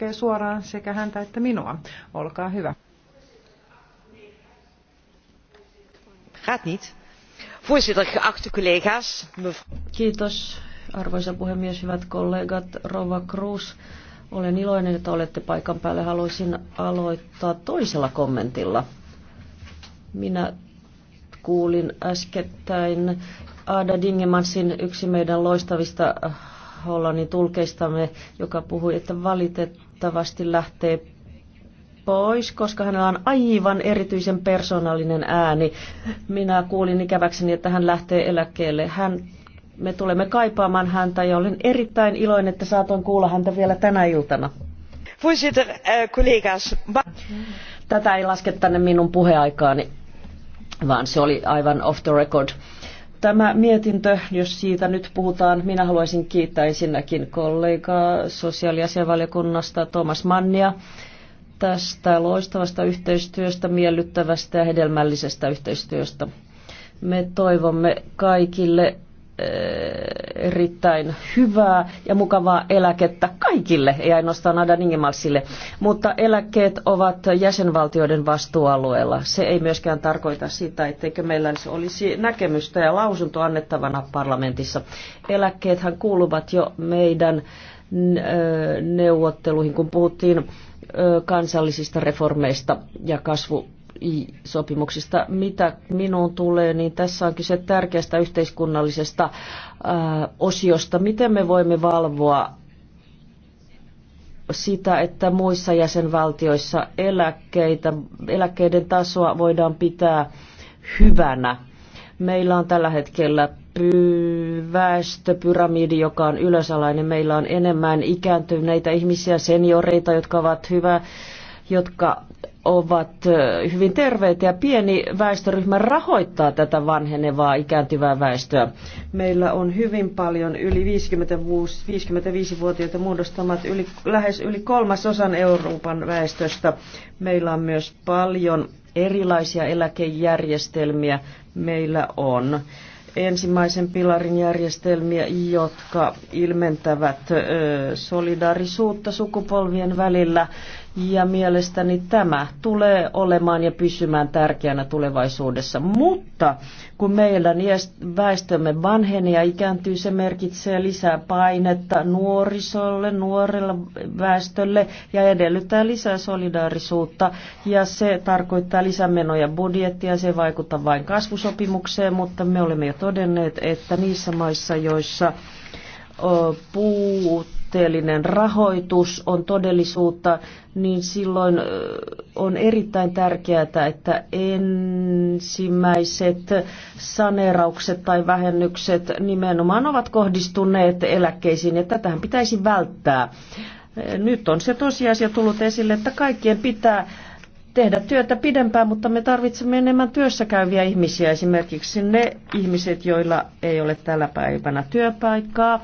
koskee suoraan sekä häntä että minua. Olkaa hyvä. Gaat niet. Voorzitter, geachte collega's. Kiitos, arvoisa puhemies, hyvät kollegat, Rova Cruz. Olen iloinen, että olette paikan päällä. Haluaisin aloittaa toisella kommentilla. Minä kuulin äskettäin Ada Dingemansin yksi meidän loistavista Hollannin tulkeistamme, joka puhui, että valitet, valitettavasti lähtee pois, koska hänellä on aivan erityisen persoonallinen ääni. Minä kuulin ikäväkseni, että hän lähtee eläkkeelle. Hän, me tulemme kaipaamaan häntä ja olen erittäin iloinen, että saatoin kuulla häntä vielä tänä iltana. Eh, Tätä ei laske tänne minun puheaikaani, vaan se oli aivan off the record. Tämä mietintö, jos siitä nyt puhutaan, minä haluaisin kiittää ensinnäkin kollegaa sosiaaliasianvaliokunnasta Thomas Mannia tästä loistavasta yhteistyöstä, miellyttävästä ja hedelmällisestä yhteistyöstä. Me toivomme kaikille erittäin hyvää ja mukavaa eläkettä kaikille, ei ainoastaan Ada Ingemalsille, mutta eläkkeet ovat jäsenvaltioiden vastuualueella. Se ei myöskään tarkoita sitä, etteikö meillä olisi näkemystä ja lausunto annettavana parlamentissa. Eläkkeethän kuuluvat jo meidän neuvotteluihin, kun puhuttiin kansallisista reformeista ja kasvu sopimuksista. Mitä minuun tulee, niin tässä on kyse tärkeästä yhteiskunnallisesta äh, osiosta. Miten me voimme valvoa sitä, että muissa jäsenvaltioissa eläkkeitä, eläkkeiden tasoa voidaan pitää hyvänä. Meillä on tällä hetkellä py- väestöpyramidi, joka on ylösalainen. Meillä on enemmän ikääntyneitä ihmisiä, senioreita, jotka ovat hyvä jotka ovat hyvin terveitä ja pieni väestöryhmä rahoittaa tätä vanhenevaa ikääntyvää väestöä. Meillä on hyvin paljon yli 55-vuotiaita muodostamat yli, lähes yli kolmasosan Euroopan väestöstä. Meillä on myös paljon erilaisia eläkejärjestelmiä. Meillä on ensimmäisen pilarin järjestelmiä, jotka ilmentävät solidaarisuutta sukupolvien välillä ja mielestäni tämä tulee olemaan ja pysymään tärkeänä tulevaisuudessa. Mutta kun meillä väestömme vanhenee ja ikääntyy, se merkitsee lisää painetta nuorisolle, nuorelle väestölle ja edellyttää lisää solidaarisuutta. Ja se tarkoittaa lisämenoja budjettia, se vaikuttaa vain kasvusopimukseen, mutta me olemme jo todenneet, että niissä maissa, joissa puut puutteellinen rahoitus on todellisuutta, niin silloin on erittäin tärkeää, että ensimmäiset saneeraukset tai vähennykset nimenomaan ovat kohdistuneet eläkkeisiin, ja tätähän pitäisi välttää. Nyt on se tosiasia tullut esille, että kaikkien pitää tehdä työtä pidempään, mutta me tarvitsemme enemmän työssä käyviä ihmisiä, esimerkiksi ne ihmiset, joilla ei ole tällä päivänä työpaikkaa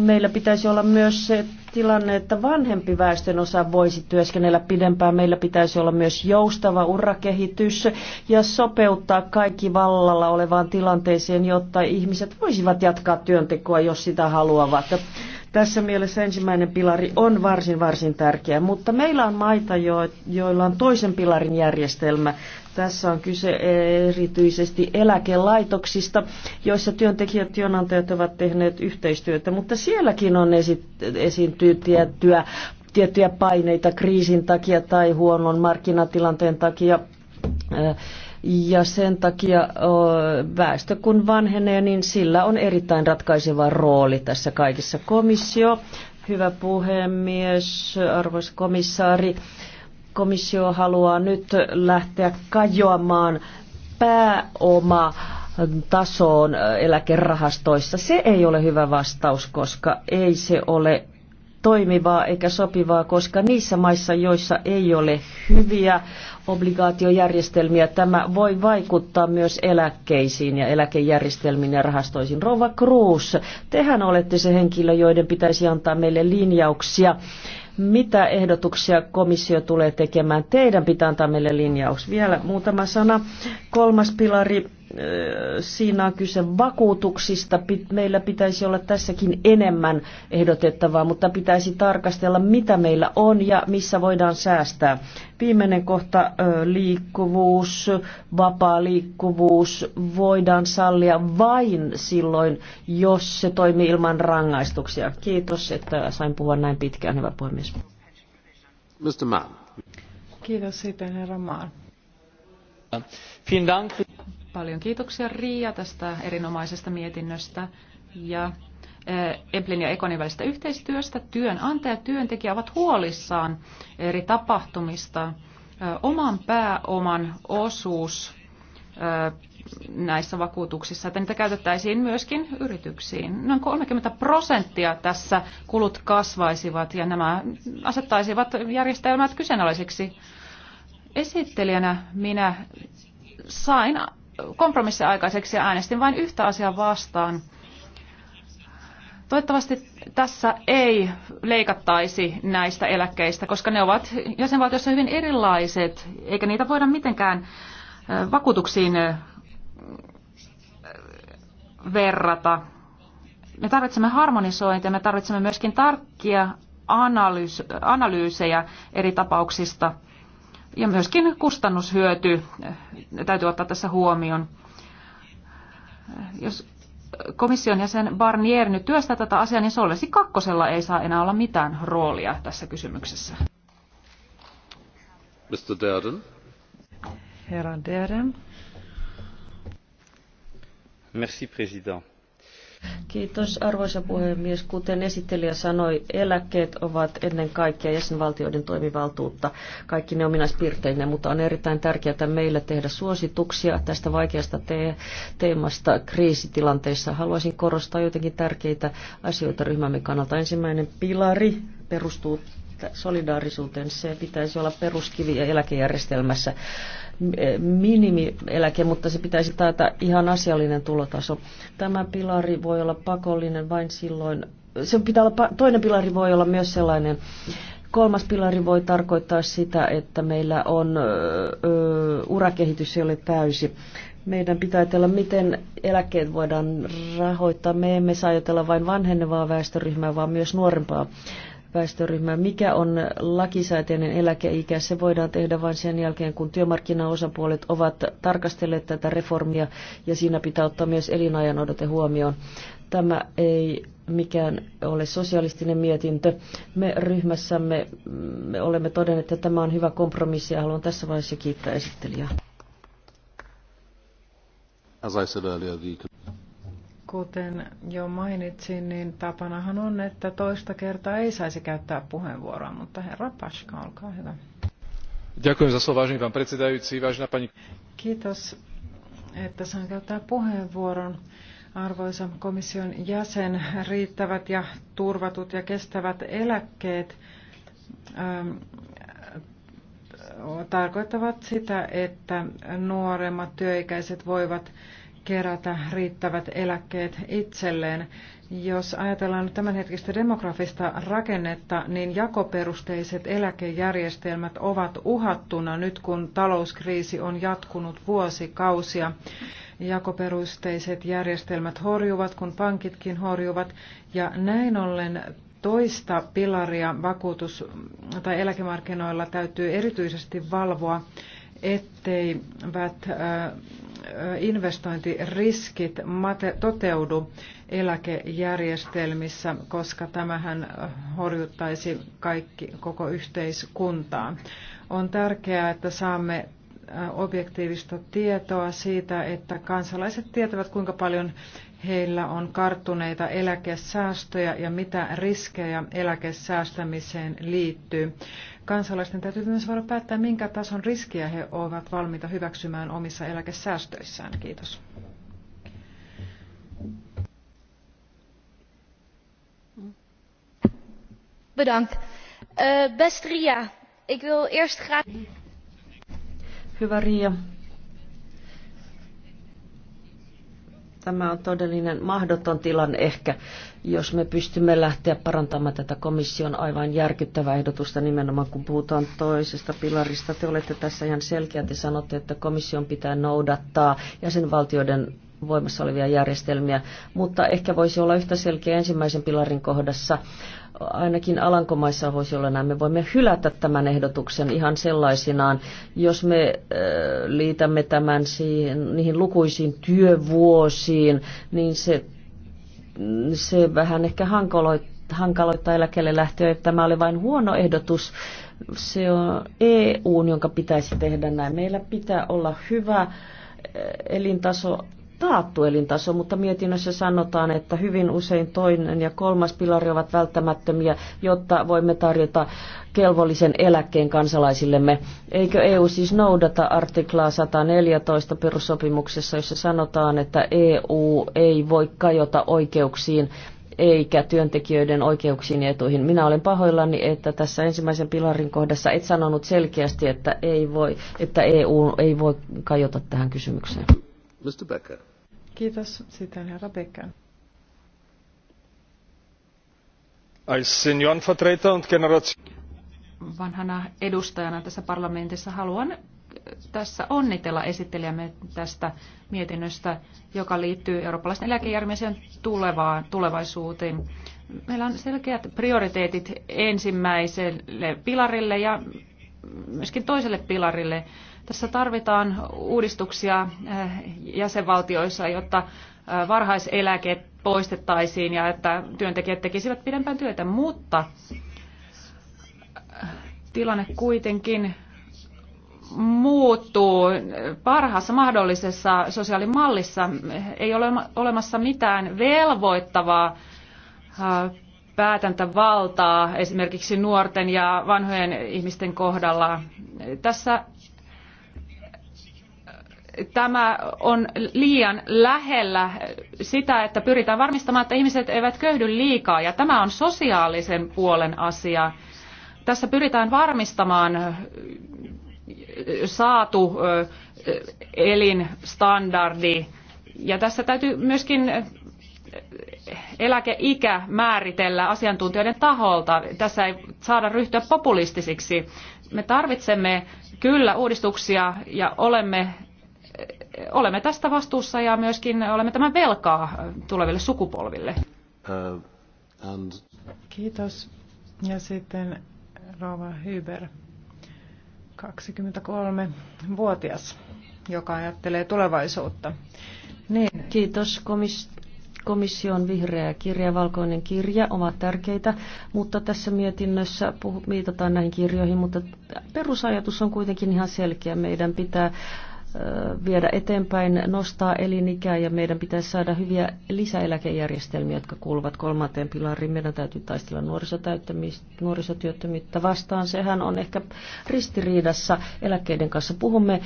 meillä pitäisi olla myös se tilanne, että vanhempi väestön osa voisi työskennellä pidempään. Meillä pitäisi olla myös joustava urakehitys ja sopeuttaa kaikki vallalla olevaan tilanteeseen, jotta ihmiset voisivat jatkaa työntekoa, jos sitä haluavat. Tässä mielessä ensimmäinen pilari on varsin, varsin tärkeä, mutta meillä on maita, joilla on toisen pilarin järjestelmä. Tässä on kyse erityisesti eläkelaitoksista, joissa työntekijät ja työnantajat ovat tehneet yhteistyötä, mutta sielläkin on esi- esiintyy tiettyä, tiettyjä paineita kriisin takia tai huonon markkinatilanteen takia. Ja sen takia väestö kun vanhenee, niin sillä on erittäin ratkaiseva rooli tässä kaikessa. Komissio, hyvä puhemies, arvoisa komissaari, komissio haluaa nyt lähteä kajoamaan pääoma tasoon eläkerahastoissa. Se ei ole hyvä vastaus, koska ei se ole toimivaa eikä sopivaa, koska niissä maissa, joissa ei ole hyviä obligaatiojärjestelmiä, tämä voi vaikuttaa myös eläkkeisiin ja eläkejärjestelmiin ja rahastoisiin. Rova Cruz, tehän olette se henkilö, joiden pitäisi antaa meille linjauksia mitä ehdotuksia komissio tulee tekemään? Teidän pitää antaa meille linjaus. Vielä muutama sana. Kolmas pilari, äh, siinä on kyse vakuutuksista. Meillä pitäisi olla tässäkin enemmän ehdotettavaa, mutta pitäisi tarkastella, mitä meillä on ja missä voidaan säästää. Viimeinen kohta, äh, liikkuvuus, vapaa liikkuvuus voidaan sallia vain silloin, jos se toimii ilman rangaistuksia. Kiitos, että sain puhua näin pitkään, hyvä puhemies. Mr. Mann. Kiitos sitten, herra Paljon kiitoksia Riia tästä erinomaisesta mietinnöstä ja Emplin eh, ja Ekonin välisestä yhteistyöstä. Työnantaja ja työntekijä ovat huolissaan eri tapahtumista. Eh, oman pääoman osuus eh, näissä vakuutuksissa, että niitä käytettäisiin myöskin yrityksiin. Noin 30 prosenttia tässä kulut kasvaisivat ja nämä asettaisivat järjestelmät kyseenalaisiksi. Esittelijänä minä sain kompromissi aikaiseksi ja äänestin vain yhtä asiaa vastaan. Toivottavasti tässä ei leikattaisi näistä eläkkeistä, koska ne ovat jäsenvaltiossa hyvin erilaiset, eikä niitä voida mitenkään vakuutuksiin verrata. Me tarvitsemme harmonisointia, me tarvitsemme myöskin tarkkia analyys, analyysejä eri tapauksista ja myöskin kustannushyöty eh, täytyy ottaa tässä huomioon. Jos komission jäsen Barnier nyt työstää tätä asiaa, niin Solvesi kakkosella ei saa enää olla mitään roolia tässä kysymyksessä. Mr. Derden. Herra Derden. Kiitos arvoisa puhemies. Kuten esittelijä sanoi, eläkkeet ovat ennen kaikkea jäsenvaltioiden toimivaltuutta, kaikki ne ominaispiirteinä, mutta on erittäin tärkeää meille tehdä suosituksia tästä vaikeasta te- teemasta kriisitilanteissa. Haluaisin korostaa jotenkin tärkeitä asioita ryhmämme kannalta. Ensimmäinen pilari perustuu solidaarisuuteen. Se pitäisi olla peruskivi eläkejärjestelmässä minimieläke, mutta se pitäisi taata ihan asiallinen tulotaso. Tämä pilari voi olla pakollinen vain silloin. Se pitää olla, toinen pilari voi olla myös sellainen. Kolmas pilari voi tarkoittaa sitä, että meillä on ö, urakehitys ei ole täysi. Meidän pitää ajatella, miten eläkkeet voidaan rahoittaa. Me emme saa ajatella vain vanhenevaa väestöryhmää, vaan myös nuorempaa väestöryhmää. Mikä on lakisääteinen eläkeikä? Se voidaan tehdä vain sen jälkeen, kun työmarkkinaosapuolet ovat tarkastelleet tätä reformia ja siinä pitää ottaa myös elinajan odote huomioon. Tämä ei mikään ole sosialistinen mietintö. Me ryhmässämme mm, me olemme todenneet, että tämä on hyvä kompromissi ja haluan tässä vaiheessa kiittää esittelijää. As I said earlier, the Kuten jo mainitsin, niin tapanahan on, että toista kertaa ei saisi käyttää puheenvuoroa, mutta herra Paska, olkaa hyvä. Kiitos, että saan käyttää puheenvuoron. Arvoisa komission jäsen, riittävät ja turvatut ja kestävät eläkkeet ähm, tarkoittavat sitä, että nuoremmat työikäiset voivat kerätä riittävät eläkkeet itselleen. Jos ajatellaan nyt tämänhetkistä demografista rakennetta, niin jakoperusteiset eläkejärjestelmät ovat uhattuna nyt, kun talouskriisi on jatkunut vuosikausia. Jakoperusteiset järjestelmät horjuvat, kun pankitkin horjuvat, ja näin ollen toista pilaria vakuutus- tai eläkemarkkinoilla täytyy erityisesti valvoa etteivät investointiriskit toteudu eläkejärjestelmissä, koska tämähän horjuttaisi kaikki, koko yhteiskuntaa. On tärkeää, että saamme objektiivista tietoa siitä, että kansalaiset tietävät, kuinka paljon heillä on karttuneita eläkesäästöjä ja mitä riskejä eläkesäästämiseen liittyy. Kansalaisten täytyy myös voida päättää, minkä tason riskiä he ovat valmiita hyväksymään omissa eläkesäästöissään. Kiitos. Bedankt. Uh, best Ria, ik wil eerst graag... Hyvä Ria, tämä on todellinen mahdoton tilanne ehkä jos me pystymme lähteä parantamaan tätä komission aivan järkyttävää ehdotusta nimenomaan, kun puhutaan toisesta pilarista. Te olette tässä ihan selkeä, te sanotte, että komission pitää noudattaa jäsenvaltioiden voimassa olevia järjestelmiä, mutta ehkä voisi olla yhtä selkeä ensimmäisen pilarin kohdassa. Ainakin Alankomaissa voisi olla näin. Me voimme hylätä tämän ehdotuksen ihan sellaisinaan, jos me äh, liitämme tämän siihen, niihin lukuisiin työvuosiin, niin se se vähän ehkä hankaloittaa hankaloittaa eläkelle lähtöä. Tämä oli vain huono ehdotus. Se on EU, jonka pitäisi tehdä näin. Meillä pitää olla hyvä eh, elintaso taattu elintaso, mutta mietinnössä sanotaan, että hyvin usein toinen ja kolmas pilari ovat välttämättömiä, jotta voimme tarjota kelvollisen eläkkeen kansalaisillemme. Eikö EU siis noudata artiklaa 114 perussopimuksessa, jossa sanotaan, että EU ei voi kajota oikeuksiin eikä työntekijöiden oikeuksiin ja etuihin. Minä olen pahoillani, että tässä ensimmäisen pilarin kohdassa et sanonut selkeästi, että, ei voi, että EU ei voi kajota tähän kysymykseen. Mr. Becker. Kiitos. Sitten herra Becker. Vanhana edustajana tässä parlamentissa haluan äh, tässä onnitella esittelijämme tästä mietinnöstä, joka liittyy eurooppalaisten eläkejärjestelmien tulevaan, tulevaisuuteen. Meillä on selkeät prioriteetit ensimmäiselle pilarille ja myöskin toiselle pilarille. Tässä tarvitaan uudistuksia äh, jäsenvaltioissa, jotta äh, varhaiseläke poistettaisiin ja että työntekijät tekisivät pidempään työtä, mutta äh, tilanne kuitenkin muuttuu parhaassa mahdollisessa sosiaalimallissa. Ei ole olemassa mitään velvoittavaa päätäntävaltaa esimerkiksi nuorten ja vanhojen ihmisten kohdalla. Tässä tämä on liian lähellä sitä, että pyritään varmistamaan, että ihmiset eivät köyhdy liikaa ja tämä on sosiaalisen puolen asia. Tässä pyritään varmistamaan saatu elinstandardi ja tässä täytyy myöskin eläkeikä määritellä asiantuntijoiden taholta. Tässä ei saada ryhtyä populistisiksi. Me tarvitsemme kyllä uudistuksia ja olemme, olemme tästä vastuussa ja myöskin olemme tämän velkaa tuleville sukupolville. Uh, and... Kiitos. Ja sitten Rova Hyber, 23-vuotias, joka ajattelee tulevaisuutta. Niin. Kiitos komis- Komission vihreä kirja ja valkoinen kirja ovat tärkeitä, mutta tässä mietinnössä puhu, viitataan näihin kirjoihin, mutta perusajatus on kuitenkin ihan selkeä. Meidän pitää viedä eteenpäin, nostaa elinikää ja meidän pitäisi saada hyviä lisäeläkejärjestelmiä, jotka kuuluvat kolmanteen pilariin. Meidän täytyy taistella nuorisotyöttömyyttä vastaan. Sehän on ehkä ristiriidassa eläkkeiden kanssa. Puhumme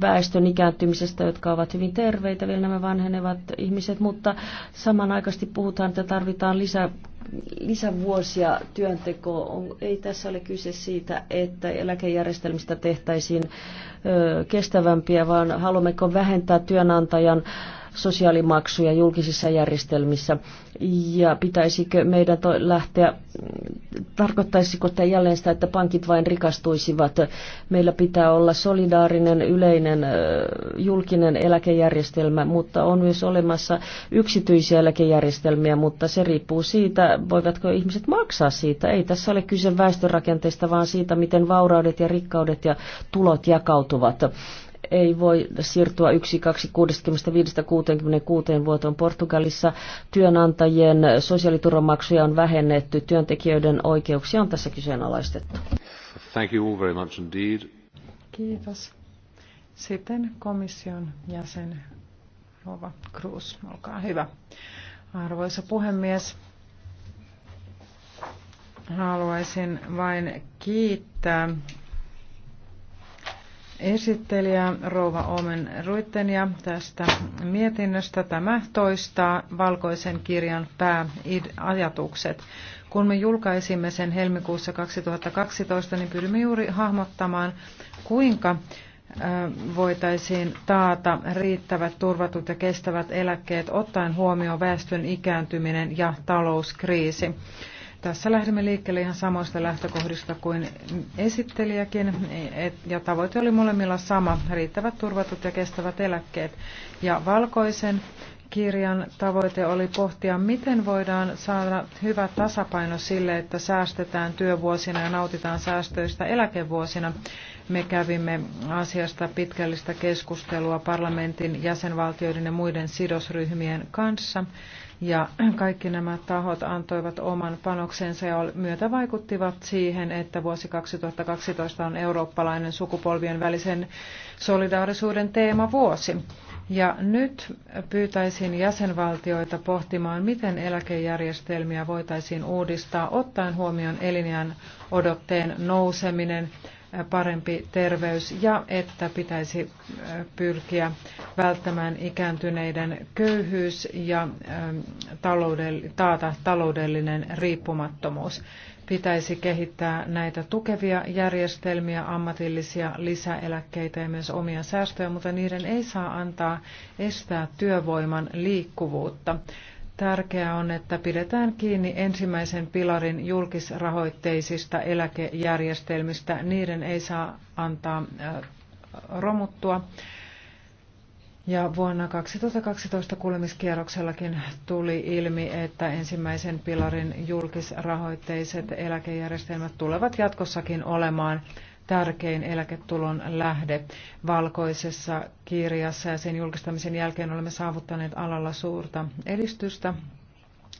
väestön ikääntymisestä, jotka ovat hyvin terveitä, vielä nämä vanhenevat ihmiset, mutta samanaikaisesti puhutaan, että tarvitaan lisää lisävuosia työnteko on, ei tässä ole kyse siitä, että eläkejärjestelmistä tehtäisiin ö, kestävämpiä, vaan haluammeko vähentää työnantajan sosiaalimaksuja julkisissa järjestelmissä ja pitäisikö meidän lähteä, tarkoittaisiko tämä jälleen sitä, että pankit vain rikastuisivat. Meillä pitää olla solidaarinen, yleinen, julkinen eläkejärjestelmä, mutta on myös olemassa yksityisiä eläkejärjestelmiä, mutta se riippuu siitä, voivatko ihmiset maksaa siitä. Ei tässä ole kyse väestörakenteesta, vaan siitä, miten vauraudet ja rikkaudet ja tulot jakautuvat ei voi siirtyä 1, 2, 65, 66 vuoteen Portugalissa. Työnantajien sosiaaliturvamaksuja on vähennetty, työntekijöiden oikeuksia on tässä kyseenalaistettu. Thank you all very much indeed. Kiitos. Sitten komission jäsen Rova Cruz, olkaa hyvä. Arvoisa puhemies, haluaisin vain kiittää esittelijä Rouva Omen Ruittenia tästä mietinnöstä. Tämä toistaa valkoisen kirjan pääajatukset. Kun me julkaisimme sen helmikuussa 2012, niin pyrimme juuri hahmottamaan, kuinka voitaisiin taata riittävät, turvatut ja kestävät eläkkeet ottaen huomioon väestön ikääntyminen ja talouskriisi. Tässä lähdemme liikkeelle ihan samoista lähtökohdista kuin esittelijäkin, ja tavoite oli molemmilla sama, riittävät turvatut ja kestävät eläkkeet. Ja valkoisen kirjan tavoite oli pohtia, miten voidaan saada hyvä tasapaino sille, että säästetään työvuosina ja nautitaan säästöistä eläkevuosina. Me kävimme asiasta pitkällistä keskustelua parlamentin, jäsenvaltioiden ja muiden sidosryhmien kanssa. Ja kaikki nämä tahot antoivat oman panoksensa ja myötä vaikuttivat siihen, että vuosi 2012 on eurooppalainen sukupolvien välisen solidaarisuuden teemavuosi. vuosi. Ja nyt pyytäisin jäsenvaltioita pohtimaan, miten eläkejärjestelmiä voitaisiin uudistaa, ottaen huomioon elinjään odotteen nouseminen, parempi terveys ja että pitäisi pyrkiä välttämään ikääntyneiden köyhyys ja taloudell- taata taloudellinen riippumattomuus pitäisi kehittää näitä tukevia järjestelmiä, ammatillisia lisäeläkkeitä ja myös omia säästöjä, mutta niiden ei saa antaa estää työvoiman liikkuvuutta. Tärkeää on, että pidetään kiinni ensimmäisen pilarin julkisrahoitteisista eläkejärjestelmistä. Niiden ei saa antaa romuttua. Ja vuonna 2012 kuulemiskierroksellakin tuli ilmi, että ensimmäisen pilarin julkisrahoitteiset eläkejärjestelmät tulevat jatkossakin olemaan tärkein eläketulon lähde. Valkoisessa kirjassa ja sen julkistamisen jälkeen olemme saavuttaneet alalla suurta edistystä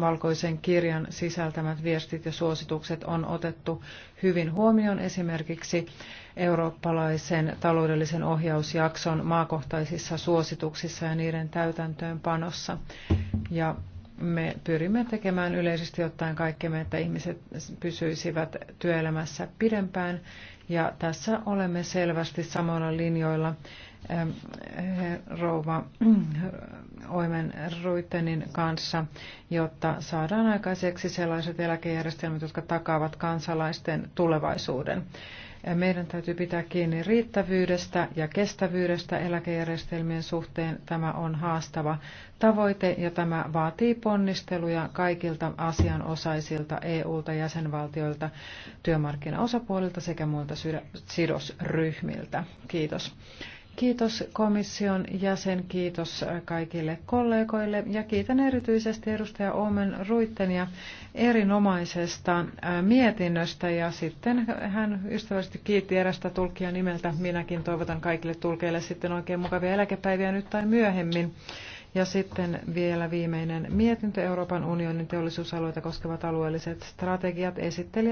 Valkoisen kirjan sisältämät viestit ja suositukset on otettu hyvin huomioon esimerkiksi eurooppalaisen taloudellisen ohjausjakson maakohtaisissa suosituksissa ja niiden täytäntöönpanossa. Ja me pyrimme tekemään yleisesti ottaen kaikkemme, että ihmiset pysyisivät työelämässä pidempään. Ja tässä olemme selvästi samoilla linjoilla rouva Oimen Ruitenin kanssa, jotta saadaan aikaiseksi sellaiset eläkejärjestelmät, jotka takaavat kansalaisten tulevaisuuden. Meidän täytyy pitää kiinni riittävyydestä ja kestävyydestä eläkejärjestelmien suhteen. Tämä on haastava tavoite ja tämä vaatii ponnisteluja kaikilta asianosaisilta EU-ta, jäsenvaltioilta, työmarkkinaosapuolilta sekä muilta sidosryhmiltä. Kiitos. Kiitos komission jäsen, kiitos kaikille kollegoille ja kiitän erityisesti edustaja Omen ja erinomaisesta äh, mietinnöstä ja sitten hän ystävällisesti kiitti erästä tulkia nimeltä. Minäkin toivotan kaikille tulkeille sitten oikein mukavia eläkepäiviä nyt tai myöhemmin. Ja sitten vielä viimeinen mietintö Euroopan unionin teollisuusalueita koskevat alueelliset strategiat esitteli